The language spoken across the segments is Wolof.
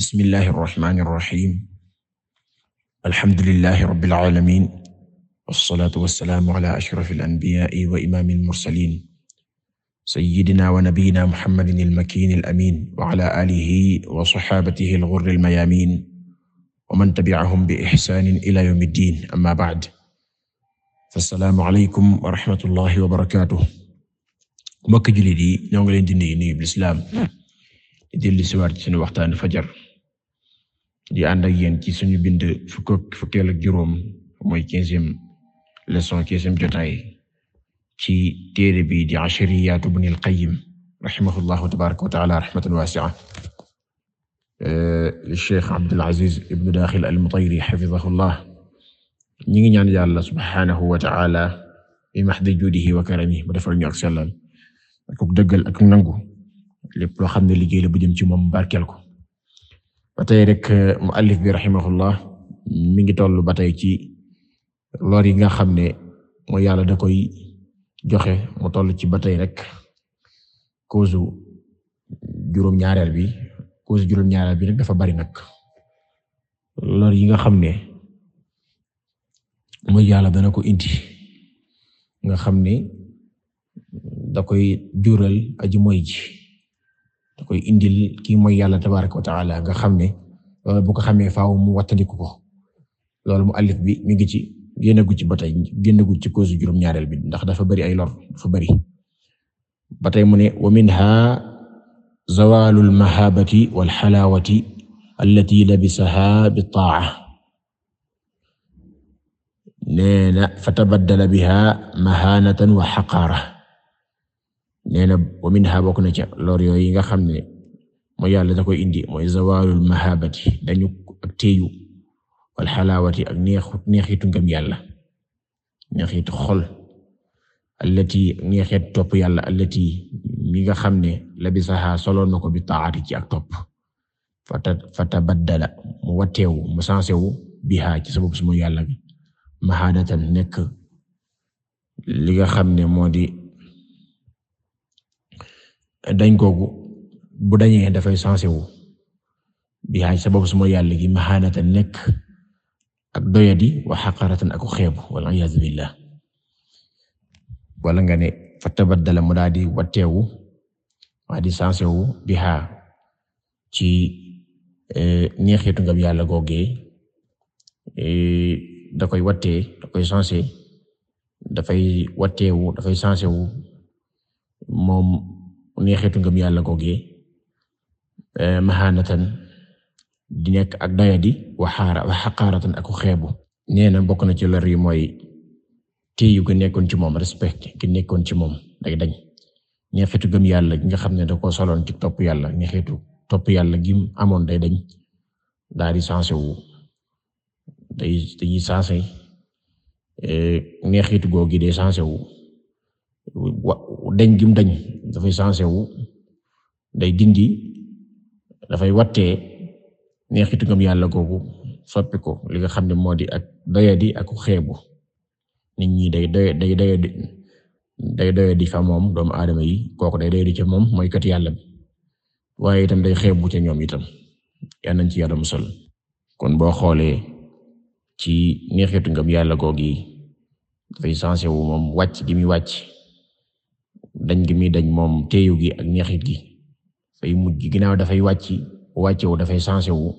bismillahi irrahmani irrahim alhamdulilahi rabbil alamin wassalaatu wassalaamu ala ashrafil anbiyaai wa imaamil mursaliin sayyidinaa wa nabiyyinaa muhammadin al-makiinil amiin wa ala aalihi wa sahbihi al-ghurril mayaamiin wa man tabi'ahum bi ihsaanin ilaa yawmid diin ammaa ba'd fassalaamu aleykum wa rahmatullahi wa barakaatuh mbokk jullit yi ñoo ngi leen di nuyu nuyub lislaam di dellu ci waat sunu waxtaan fajar di ànd ak yéen ci suñu bind fukk ak fukkeel ak juróom mooy quinzième leçon quinzième jotaay ci téere bi di ashariyaatu Ibnul Qayyim rahimahullahu tabaaraka wa ta'aala rahmatan waasi'a euh, li Cheikh Abdul Aziz ibnu Daaxil al-Mutayri ngi ñaan yàlla subhaanahu wa ta'aala bi mahdi juudihi wa karamihi mu defal ñu ak sellal ak dëggal ak nangu lépp loo xam ne liggéey la bu jëm ci moom barkel ko ba tey rek euh, muallif bi rahimahullah mi ngi toll ba tey ci lor yi nga xam ne mooy yàlla da koy joxe mu toll ci ba tey rek cause juróom-ñaareel bi cause juróom bi rek dafa bari nag lor yi nga xam ne mooy yàlla dana ko indi nga xam ne da koy jural aji moy ji da koy indil kii moy yàlla tabaraka wa taala nga xam ne loolu bu ko xamee faaw mu wattandiku ko loolu mu alif bi mi ngi ci génnagu ci ba tey génnagu ci cause juróom-ñaareel bi ndax dafa bari ay lor dafa bari ba tey mu ne wa minha zawalul mahabati wal xalaawati allati labisaha bi taa nee na fa tabaddala biha mahanatan wa xaqaara nee na wa minha bokk na ca lor yooyu nga xam ne mooy yàlla da koy indi mooy zawalul mahabati dañu ak teeyu wal xalaawati ak neexu neexitu ngëm yàlla neexitu xol allati neexet topp yàlla allati mi nga xam ne labisaha soloon na ko bi taati ci ak topp fata fata baddala mu watteewu mu sansewu biha ci sabab su mooy yàlla bi mahadatan nekk li nga xam ne moo dañ googu bu dañee dafay chance wu bi ay sabab su yàlla gi maxaanatan nekk ak doyadi wa xaqaratan ak xeebu wal iyaazu billah nga ne fa tabaddala mu daal di watteewu waa di sensé wu bi xaa ci eh, neexitu ngam yàlla googee eh, da koy wattee da koy sensé dafay watteewu dafay sensé wu moom neexitu ngëm yàlla googee eh, mahanatan di nekk ak doyadi waxaara wa xaqaaratan ak xeebu nee na bokk na ci lor yi mooy téyu ko nekkoon ci moom respect ki nekkoon ci moom day dañ neexitu gëm yàlla nga xam ne da ko soloon ci topp yàlla neexitu topp yàlla gi amoon day dañ daal di sensé wu day dañuy sensé eh, neexitu googi day sensé wu gim dañ dafay changé wu day dindi dafay wattee neexitu ngëm yàlla googu soppi ko li nga xam ne moo di ak doyadi ak xeebu nit ñi day doy day doyadi day doyadi fa moom doomu aadama yi kooku day doyadi ca moom mooy kat yàlla bi waaye itam day xeebu ca ñoom itam yal nañ ci yàlla musal kon boo xoolee ci neexitu yàlla googu yi dafay changé wu moom wàcc gi muy wàcc dañ gi muy dañ moom teeyu gi ak neexit gi fay mujj ginaaw dafay wàcc wàcce wu dafay changé wu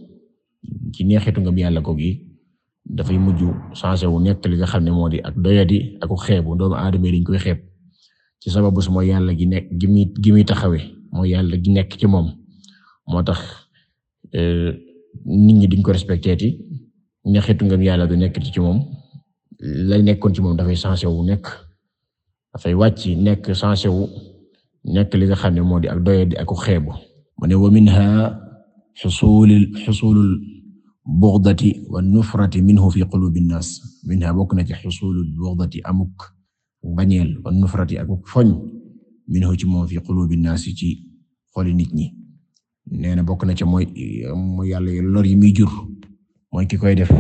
ci neexitu nga bi yàlla ko gi dafay mujj changé wu nekk li nga xam ne moo di ak doyadi ak xeebu doomu aadama dañ koy xeeb ci sababu su yàlla gi nekk gi gi muy taxawee mooy yàlla gi nekk ci moom moo tax euh, nit ñi duñ ko respecté ti neexitu nga bi yàlla gi nekk ci moom lay nekkoon ci moom dafay changé wu nekk. dafay wàcc nekk changé wu nekk li nga xam ne moo di ak doye di aku xeebu mu ne wa minha xusul xusulul buxdati wa nufrati minhu fi qulubi nnaas bokk na ci xusulul buxdati amuk bañeel wa nufrati akuk foñ minhu ci moom fi qulubi nnaas ci xoli nit ñi nee na bokk na ci mooy mu yàlla lor yi muy jur mooy ki koy def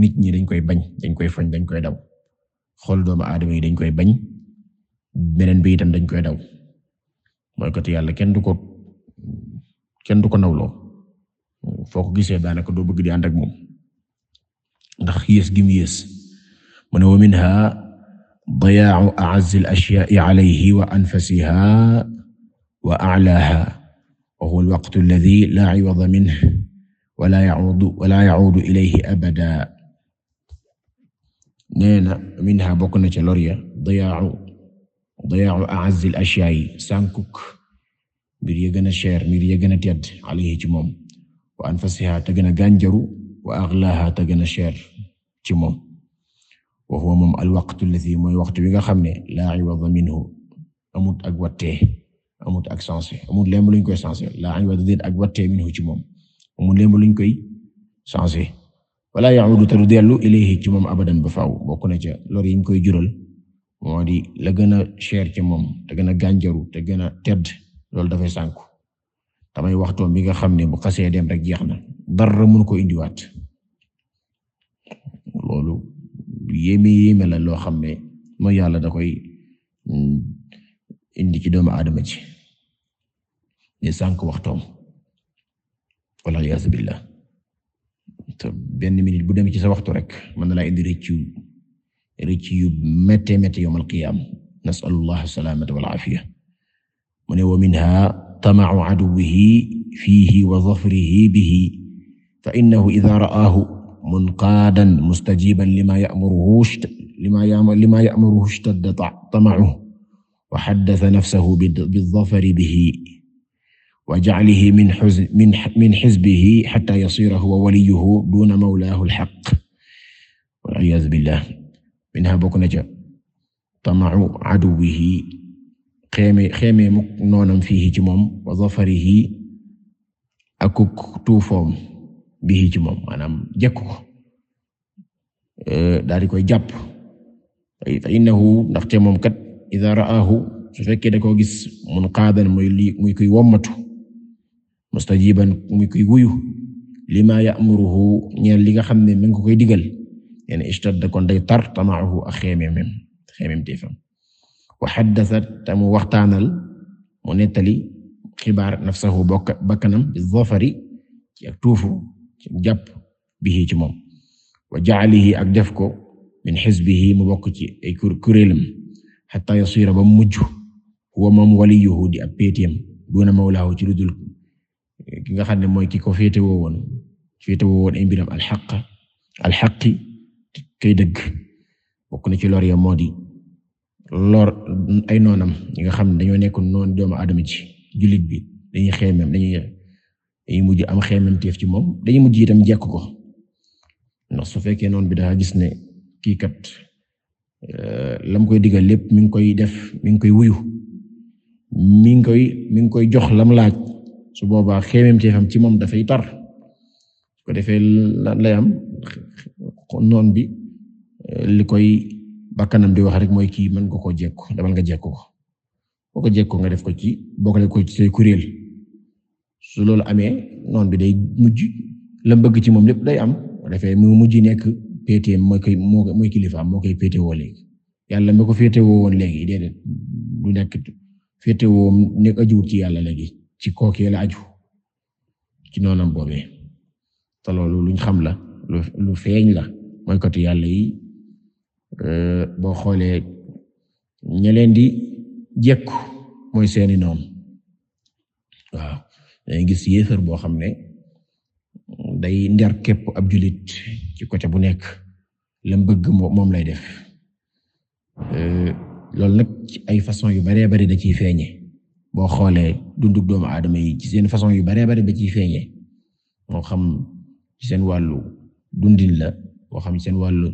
nit ñi dañ koy bañ dañ koy foñ dañ koy daw xol doomu aadama yi dañ koy bañ beneen bi itam dañ koy daw mooy côté yàlla kenn du ko du ko nawloo foo ko gisee daanaka doo bëgg di ànd ak moom ndax yées gi mu minha diyaa'u a'azzi al-ashyaa'i 'alayhi wa anfasiha wa a'laaha wa huwa al-waqtu alladhi laa 'iwada wa laa ya'uudu wa laa minha bokk na ca lor dayaaxu a'azzi al-ashyaa'i sànkuk mbir ya gën a cher mbir ya gën a tedd alayhi ci moom wa anfasiha te gën a gànjaru wa aghlaaha te gën a cher ci moom wa huwa moom al-waqtu alladhi mooy waxtu bi nga xam ne la 'iwada minhu amut ak wattee amut ak sensé amut lemb luñ koy sensé laa 'iwada déet ak ci moom amut lemb luñ koy sensé wala ya'udu te du dellu ilayhi ci moom abadan ba faaw bokk na ca lor yiñ koy jural moo di la gën a cher ci moom te gën a gànjaru te gën a tedd loolu dafay sànku tamay waxtoom bi nga xam ne bu kasee dem rek jeex na dara mun ko indiwaat loolu yéeme yéeme la loo xam ne mooy yàlla da koy mm, indi ci doomu aadama ci ne sànk waxtoom wala yaasu billah te benn minute bu dem ci sa waxtu rek mën na lay indi rëccu rëcc yu métte métte yawm al-qiyaama nasalullah salaamata wal aafiya mu ne wa minha tama'u aduwwihi fiihi wa zafrihi bihi fa innahu idha ra'aahu munqaadan mustajiiban limaa ya'muruhu limaa ya'muruhu ishtadda tama'uhu wa haddatha nafsahu bizzafari bihi wa ja'alihi min hizbihi hattaa yasiira huwa waliyyuhu duuna mawlaahu al-haqq wal-'iyaadhu billah minha bokk na ca tamau aduwihi xeeme xeeme muk noonam fiihi ci moom wa zafarihi akuk tuufoom bihi ci moom maanaam jekku ko eh, daal koy jàpp fa innahu ndaxte moom kat ida ra'ahu su fekkee da koo gis munqaadan muy muy kuy wommatu mustajiban muy kuy wuyu lima ya'muruhu ñeel li xam ne mi ngi koy digal yani ishtadda kon day tar tamaahu ak xeememem xeememteefam wa te mu waxtaanal mu nettali xibaar nafsahu bakkanam bi zafari ci ak tuufu ci jàpp bihi ci moom wa ak def ko min xisbihi mu bokk ci ay kuréelam xataa yasiira ba mujj huwa moom waliyuhu di ab péetiyam duuna mawlaahu ci lu dul ki nga xam ne mooy ki ko féete woowoon féete woowoon ay alxaqi kay dëgg bokk na ci lor ya moo di lor ay noonam yi nga xam ne dañoo nekk noon doomu aadama ci jullit bi dañuy xeemem dañuy dañuy mujj am xeememteef ci moom dañuy mujj itam jekk ko ndax su fekkee noonu bi daa gis ne kii kat eh, lam koy digal lépp mi ngi koy def mi ngi koy wuyu mi ngi koy mi ngi koy jox lam laaj su boobaa xeememteefam ci moom dafay tar su ko defee lay am noon bi eh, li koy bakkanam di wax rek mooy kii mën nga koo jekku demal nga jekku ko boo ko jekkoo nga def ko ci bokkale ko ci say kuréel su loolu amee noon bi day mujj la bëgg ci moom lépp day am defee mu mujj nekk pété moo koy mooy kilifaam moo koy pété woo léegi yàlla mi ko féete woo woon léegi déedéet du nekk féete woo nekk ajuwut ci yàlla léegi ci kooki aju ci noonam boobee te loolu luñ xam la lu feeñ la boykatu yàlla yi euh, boo xoolee ñeleen di jekku mooy seeni noonu waaw dañuy gis yéefar boo xam ne day nder képp ab julit ci côté bu nekk lam bëgg moom lay def euh, loolu nag ci ay façon yu baree bari da ciy feeñe boo xoolee dundug doomu aadama yi ci seen façon yu baree bari da ciy feeñe moo xam ci seen wàllu dundin la moo xam seen wàllu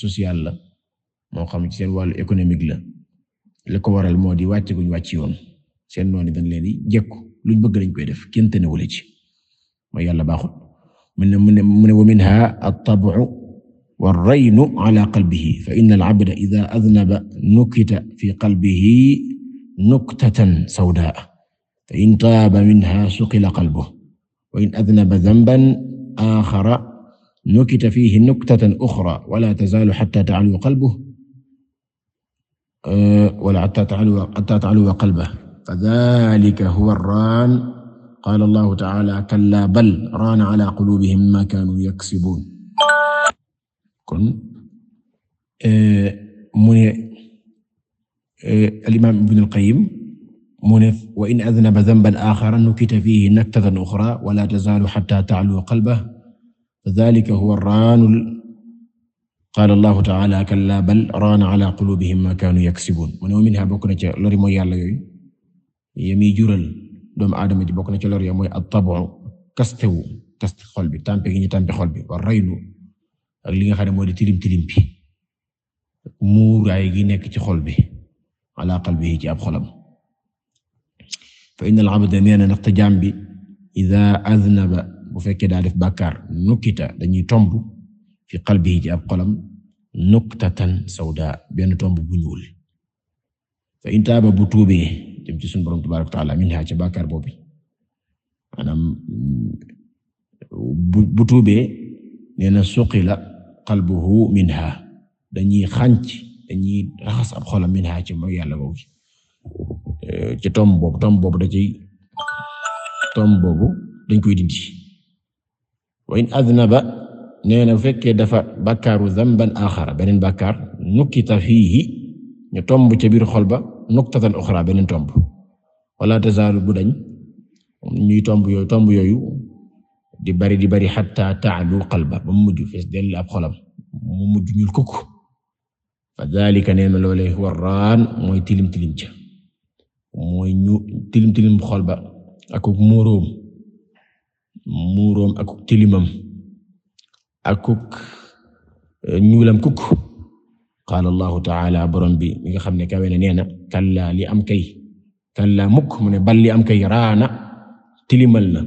social la moo xam seen wàllu économique la li ko waral moo di wàcc guñ wàcc yoon seen noonu dañ leen di jekku luñ bëgg lañ koy def kenn tene wala ci mooy yàlla baaxut mu ne mu ne mu ne wa minha at-tab'u war-raynu ala qalbihi fa inna al-'abda idha adhnaba nukita fi qalbihi nuktatan sawdaa fa in taaba minha suqila qalbuhu wa in adhnaba dhanban akhara nukita fiihi nuktatan uxraa wala tazaalu xattaa ta'alluwa qalbuhu wala xattaa ta'alluwa qalbuhu fazaalika huwa ar-raan qaala Allahu ta'aalaa kallaa bal raana alaa quluubihim maa kaanuu yaksibuun kon mu ne al-imaam Ibn al-Qayyim mu ne wa in aznaba zanban aaxara nukita fiihi nuktatan uxraa wala tazaalu xattaa ta'alluwa qalbuhu fadhalika huwa raanu qaala allahu taala kalla bal raana ala qulubihim ma kaanu yaksibuun mu ne minha bokk na ca lori mooy yàlla yooyu yamiy jural doomu aadama ji bokk na ca lor ya mooy at-tabu kastewu kaste xol bi tàmpe gi ñu tàmpe xol bi wa raylu ak li nga xam ne moo di tilim tilim bi muuraay gi nekk ci xol bi ala qalbihi ci ab xolam fa inna al-abda nee na ndaxte bi idha bu fekkee daa def bàkkaar nukkita dañuy tomb fi qalbi ci ab xolam nuktatan sawda benn tomb bu ñuul fa in taaba bu tuubee jëm ci sunu borom tabaaraka wa taala minha ca maanaam mm, bu tuubee nee na suqila qalbuhu minha dañuy xànc dañuy raxas ab xolam ci mooy yàlla boobu ci tomb boobu da ciy boobu dañ koy dindi wa in aznaba nee na bu fekkee dafa bakkaaru zamban axara beneen bakkaar nukkita fii ñu tomb ca biir xol ba nuktatan uxra beneen tomb wala tazaalu bu dañ ñuy tomb yooyu tomb yooyu di bari di bari xataa taalu qalba ba mu mujj fees dell ab xolam mu mujj ñuul kukk fa daalika nee na loolee warraan mooy tilim tilim ca mooy ñu tilim tilim xol ba ak muuróom muuroom akuk tilimam akuk eh, ñuulam kuk qaala allahu taala borom bi mi nga xam ne ka na nee na kallaa li am kay kallaa mukk mu ne bal li am kay raana tilimal na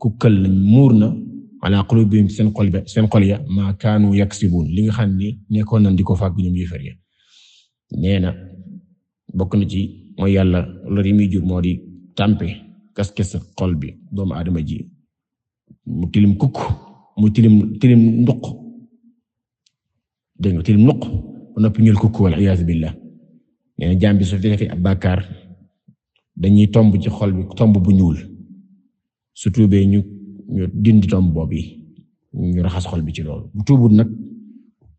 kukkal na muur na ala qulubihim seen xol be seen xol ya maa kaanu yaksibun li nga xam ne nekkoon nañ di ko fàgg ñoom yéefar ya nee na bokk na ci mooy yàlla loolu yi jur moo di tàmpe kas kes bi doomu aadama ji mu tilim kukk mu tilim tilim nduq dégg nga tilim nduq ba noppi ñuul kukk wal iyaazu billah nee na jaam bi su defee ab bàkkaar dañuy tomb ci xol bi tomb bu ñuul su tuubee ñu ñu dindi tomb boob yi ñu raxas xol bi ci loolu bu tuubut nag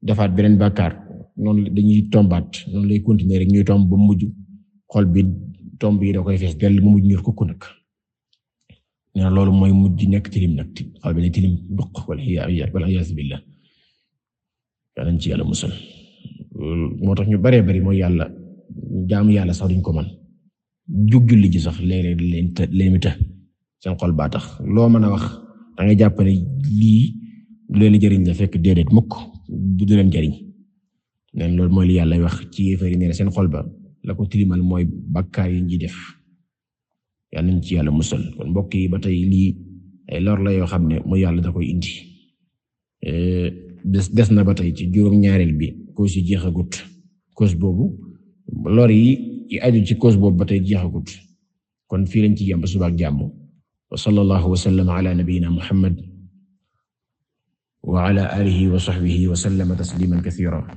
defaat beneen bàkkaar noonu dañuy tombaat noonu lay continuer rek ñuy tomb ba mujj xol bi tomb yi da koy fees dell mu mujj ñuul kukk nag nee loolu mooy mujj nekk tilim nag xaw ma ne tilim duq wala wala iyaazu billah yàlla nañ ci yàlla musal moo tax ñu baree bari mooy yàlla jaamu yàlla sax duñ ko man jug julli ji sax léeg-léeg leen të leen të seen xol baa tax loo mën a wax da ngay jàpp lii du leen jëriñ la fekk déedéet mukk du leen jëriñ nee loolu mooy li yàlla wax ci yéefar yi nee seen xol ba la ko tilimal mooy bakkaar yi ñuy def. yal nañ ci yàlla musal kon mbokk yi ba tey lii ay lor la yoo xam ne mu yàlla da koy indi des des na ba tey ci juróom-ñaareel bi cause yi jeexagut cause boobu lor yi aju ci cause boobu ba tey jeexagut kon fii lañ ci yem ba subaak jàmm wa sallallahu wa sallama ala nabiyyina muhammad wa ala alihi wa sahbihi wa sallama tasliman kathira